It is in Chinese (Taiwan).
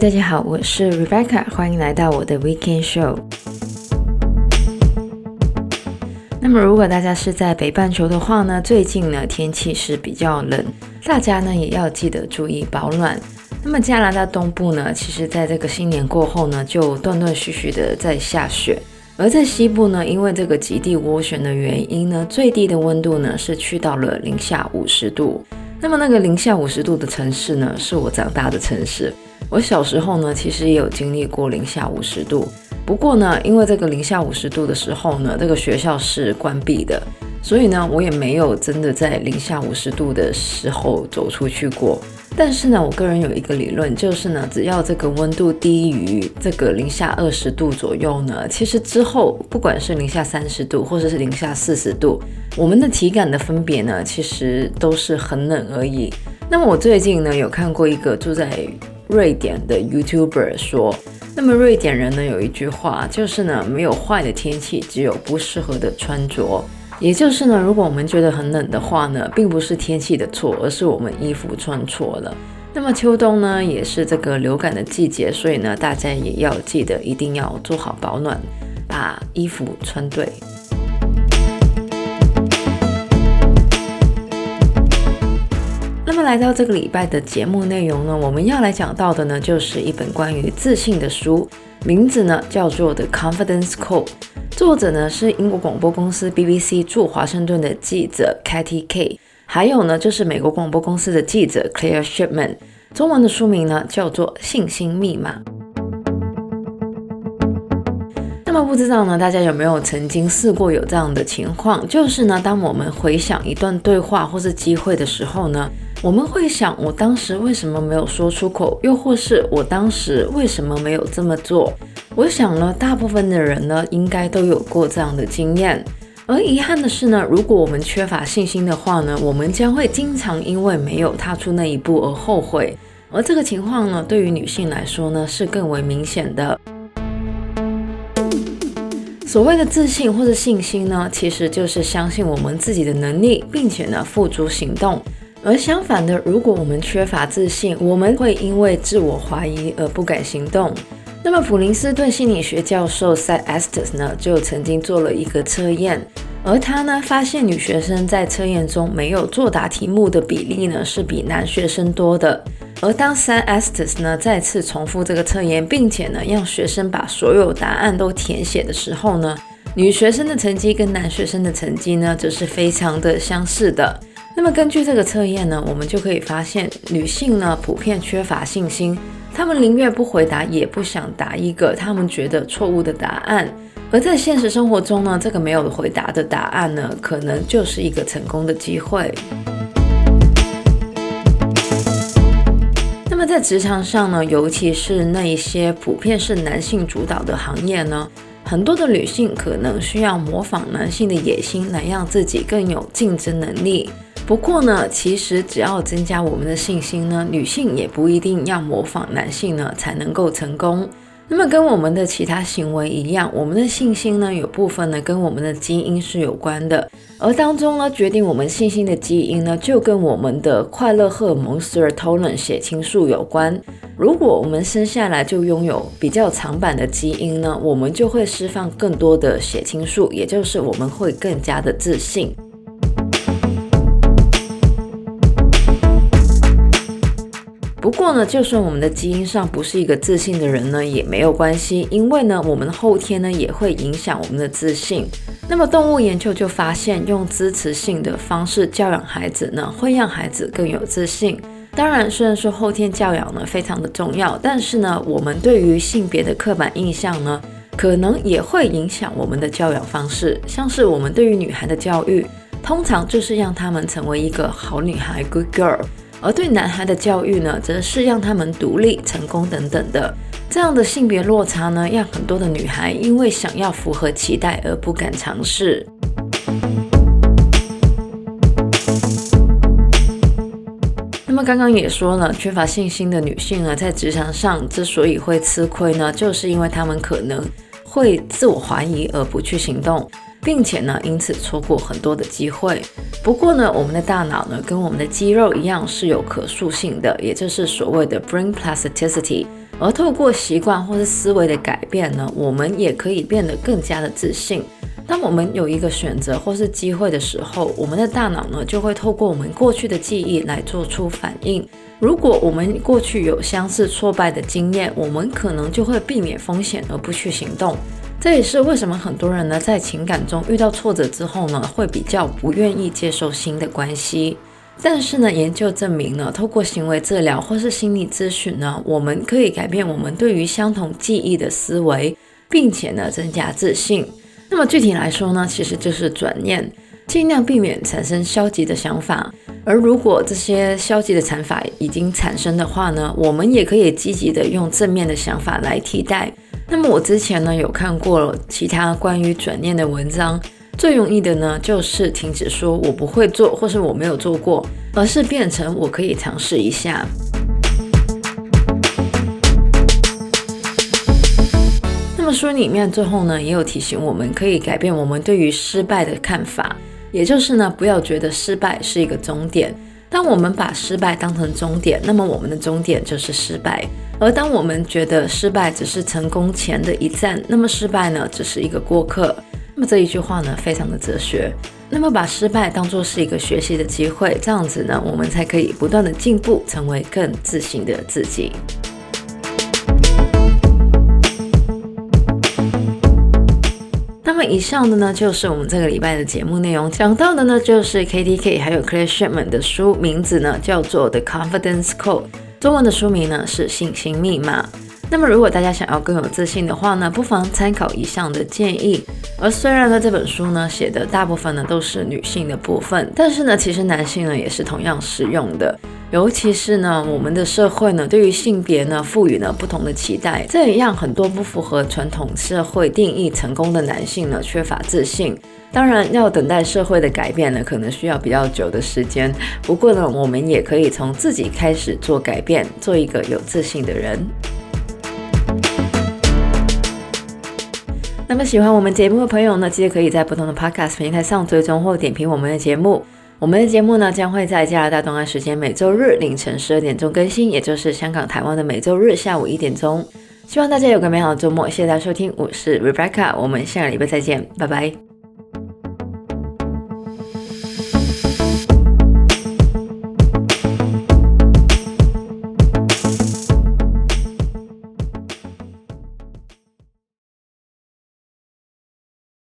大家好，我是 Rebecca，歡迎來到我的 Weekend Show。那麼，如果大家是在北半球的話呢，最近呢天氣是比較冷，大家呢也要記得注意保暖。那麼加拿大東部呢，其實在這個新年過後呢，就斷斷續續的在下雪，而在西部呢，因為這個極地渦旋的原因呢，最低的溫度呢是去到了零下五十度。那麼那個零下五十度的城市呢，是我長大的城市。我小時候呢，其實也有經歷過零下五十度。不過呢，因為這個零下五十度的時候呢，這個學校是關閉的。所以呢，我也沒有真的在零下五十度的時候走出去過。但是呢，我個人有一個理論，就是呢，只要這個溫度低於這個零下二十度左右呢，其實之後不管是零下三十度或者是零下四十度，我們的體感的分別呢，其實都是很冷而已。那麼我最近呢，有看過一個住在瑞典的 YouTuber 說，那麼瑞典人呢，有一句話，就是呢，沒有壞的天氣，只有不適合的穿着。也就是呢，如果我們覺得很冷的話呢，並不是天氣的錯，而是我們衣服穿錯了。那麼秋冬呢，也是這個流感的季節，所以呢，大家也要記得一定要做好保暖，把衣服穿對。 那麼來到這個禮拜的節目內容呢，我們要來講到的呢，就是一本關於自信的書，名字呢叫做《The Confidence Code》。作者呢是英國廣播公司 BBC 駐華盛頓的記者 Katty Kay，還有呢就是美國廣播公司的記者 Claire Shipman。中文的書名呢叫做《信心密碼》。 那麼不知道呢大家有沒有曾經試過有這樣的情況？就是呢當我們回想一段對話或是機會的時候呢，我們會想，我當時為什麼沒有說出口，又或是我當時為什麼沒有這麼做？我想呢，大部分的人呢，應該都有過這樣的經驗。而遺憾的是呢，如果我們缺乏信心的話呢，我們將會經常因為沒有踏出那一步而後悔。而這個情況呢，對於女性來說呢，是更為明顯的。所謂的自信或者信心呢，其實就是相信我們自己的能力，並且呢，付諸行動。而相反的，如果我們缺乏自信，我們會因為自我懷疑而不敢行動。那麼普林斯頓心理學教授 Zach Estes 呢，就曾經做了一個測驗，而他呢，發現女學生在測驗中沒有作答題目的比例呢，是比男學生多的。而當 Zach Estes 呢，再次重複這個測驗，並且呢，讓學生把所有答案都填寫的時候呢，女學生的成績跟男學生的成績呢，就是非常的相似的。那麼根據這個測驗呢，我們就可以發現女性呢，普遍缺乏信心。他們寧願不回答，也不想答一個他們覺得錯誤的答案。而在現實生活中呢，這個沒有回答的答案呢，可能就是一個成功的機會。那麼在職場上呢，尤其是那一些普遍是男性主導的行業呢，很多的女性可能需要模仿男性的野心，來讓自己更有競爭能力。不過呢，其實只要增加我們的信心呢，女性也不一定要模仿男性呢才能夠成功。那麼跟我們的其他行為一樣，我們的信心呢，有部分呢跟我們的基因是有關的，而當中呢決定我們信心的基因呢，就跟我們的快樂荷爾蒙 serotonin 血清素有關。如果我們生下來就擁有比較長版的基因呢，我們就會釋放更多的血清素，也就是我們會更加的自信。不過呢，就算我們的基因上不是一個自信的人呢，也沒有關係，因為呢，我們後天呢也會影響我們的自信。那麼動物研究就發現，用支持性的方式教養孩子呢，會讓孩子更有自信。當然，雖然說後天教養呢非常的重要，但是呢，我們對於性別的刻板印象呢，可能也會影響我們的教養方式。像是我們對於女孩的教育，通常就是讓她們成為一個好女孩，good girl。而對男孩的教育呢，則是讓他們獨立、成功等等的。這樣的性別落差呢，讓很多的女孩因為想要符合期待而不敢嘗試。 那麼剛剛也說了，缺乏信心的女性呢，在職場上之所以會吃虧呢，就是因為她們可能會自我懷疑而不去行動，並且呢，因此錯過很多的機會。不過呢，我們的大腦呢，跟我們的肌肉一樣是有可塑性的，也就是所謂的 brain plasticity。而透過習慣或是思維的改變呢，我們也可以變得更加的自信。當我們有一個選擇或是機會的時候，我們的大腦呢，就會透過我們過去的記憶來做出反應。如果我們過去有相似挫敗的經驗，我們可能就會避免風險而不去行動。這也是為什麼很多人呢，在情感中遇到挫折之後呢，會比較不願意接受新的關係。但是呢，研究證明呢，透過行為治療或是心理諮詢呢，我們可以改變我們對於相同記憶的思維，並且呢，增加自信。那麼具體來說呢，其實就是轉念，盡量避免產生消極的想法。而如果這些消極的想法已經產生的話呢，我們也可以積極的用正面的想法來替代。那麼我之前呢有看過其他關於轉念的文章，最容易的呢就是停止說我不會做或是我沒有做過，而是變成我可以嘗試一下。那麼書裡面最後呢也有提醒我們可以改變我們對於失敗的看法，也就是呢不要覺得失敗是一個終點。當我們把失敗當成終點，那麼我們的終點就是失敗；而當我們覺得失敗只是成功前的一站，那麼失敗呢，只是一個過客。那麼這一句話呢，非常的哲學。那麼把失敗當作是一個學習的機會，這樣子呢，我們才可以不斷的進步，成為更自信的自己。以上的呢，就是我們這個禮拜的節目內容。講到的呢，就是 Katty Kay 還有 Claire Shipman 的書，名字呢叫做《The Confidence Code》，中文的書名呢是《信心密碼》。那麼，如果大家想要更有自信的話呢，不妨參考以上的建議。而雖然呢，這本書呢寫的大部分呢都是女性的部分，但是呢，其實男性呢也是同樣適用的。尤其是呢，我們的社會呢，對於性別呢，賦予了不同的期待，這也讓很多不符合傳統社會定義成功的男性呢，缺乏自信。當然，要等待社會的改變呢，可能需要比較久的時間。不過呢，我們也可以從自己開始做改變，做一個有自信的人。那麼，喜歡我們節目的朋友呢，記得可以在不同的 Podcast 平台上追蹤或點評我們的節目。我們的節目呢，將會在加拿大東岸時間每周日凌晨十二點鐘更新，也就是香港、台灣的每周日下午一點鐘。希望大家有個美好的周末，謝謝大家收聽，我是 Rebecca，我們下個禮拜再見，拜拜。